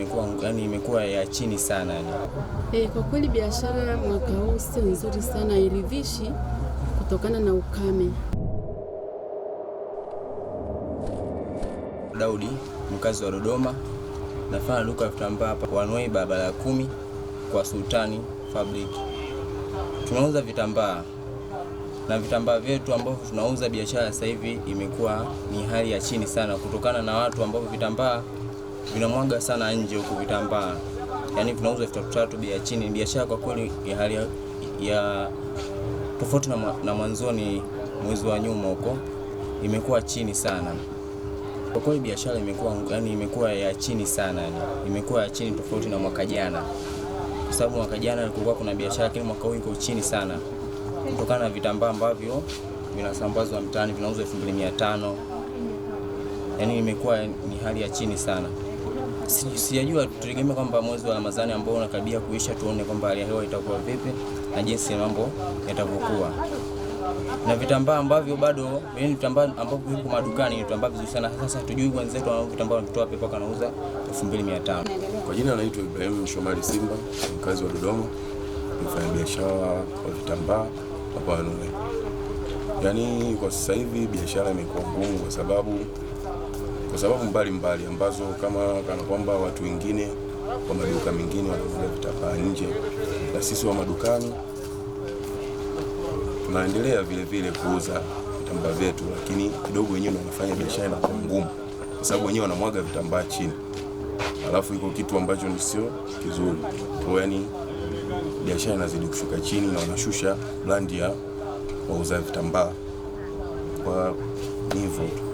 imekuwa yani imekuwa ya chini sana yani. Hey, eh, kwa kweli biashara mwaka huu sio nzuri sana, ilivishi kutokana na ukame. Daudi mkazi wa Dodoma, nafanya duka la vitambaa hapa Wanwei, barabara ya kumi kwa Sultani Fabric. Tunauza vitambaa na vitambaa vyetu ambavyo tunauza, biashara sasa hivi imekuwa ni hali ya chini sana, kutokana na watu ambao vitambaa vinamwaga sana nje huko vitambaa, yaani vinauzwa elfu tatu tatu, bei ya chini. Biashara kwa kweli ya hali ya ya tofauti na, na mwanzoni mwezi wa nyuma huko imekuwa chini sana kwa kweli, biashara imekuwa yani imekuwa ya chini sana yani, imekuwa ya chini tofauti na mwaka jana, kwa sababu mwaka jana kulikuwa kuna biashara, lakini mwaka huu iko chini sana kutokana na vitambaa ambavyo vinasambazwa mtaani, vinauzwa 2500 mbili yani imekuwa ni hali ya chini sana sijajua, tutegemea kwamba mwezi wa Ramadhani ambao unakaribia kuisha, tuone kwamba hali ya hewa itakuwa vipi na jinsi mambo yatavyokuwa na vitambaa ambavyo bado ni yaani vitambaa ambavyo vipo madukani ni vitambaa vizuri sana. Sasa tujui wenzetu wanao vitambaa wanatoa pepa kwa 2500. Kwa jina anaitwa Ibrahim Shomari Simba, mkazi wa Dodoma, biashara wa vitambaa hapa Wanune. Yaani kwa sasa hivi biashara imekuwa ngumu kwa sababu kwa sababu mbalimbali ambazo kama kana kwamba watu wengine kwa maduka mengine wanamwaga vitambaa nje, na sisi wa madukani tunaendelea vile vile kuuza vitambaa vyetu, lakini kidogo wenyewe wanafanya biashara inakuwa ngumu, kwa sababu wenyewe wanamwaga vitambaa chini, alafu iko kitu ambacho ni sio kizuri kwa, yani biashara inazidi kushuka chini, na wanashusha brandi ya wauza vitambaa kwa hivyo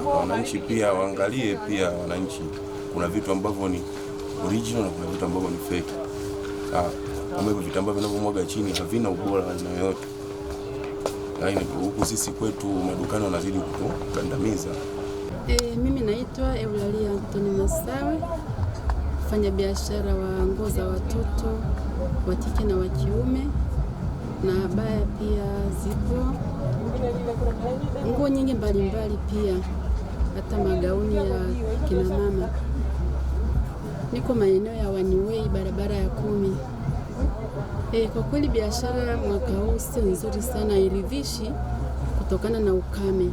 wananchi pia waangalie, pia wananchi, kuna vitu ambavyo ni original na kuna vitu ambavyo ni fake. Sawa, ah, kama hivyo vitambaa vinavyomwaga chini havina ubora na yoyote, yaani, huku sisi kwetu madukani wanazidi kukandamiza. E, eh, mimi naitwa Eulalia Antoni Masawe, mfanya biashara wa nguo za watoto wa kike na wa kiume na baya pia zipo nguo nyingi mbalimbali pia hata magauni ya kinamama. Niko maeneo ya Waniwei, barabara ya kumi. E, kwa kweli biashara mwaka huu sio nzuri sana, iridhishi kutokana na ukame.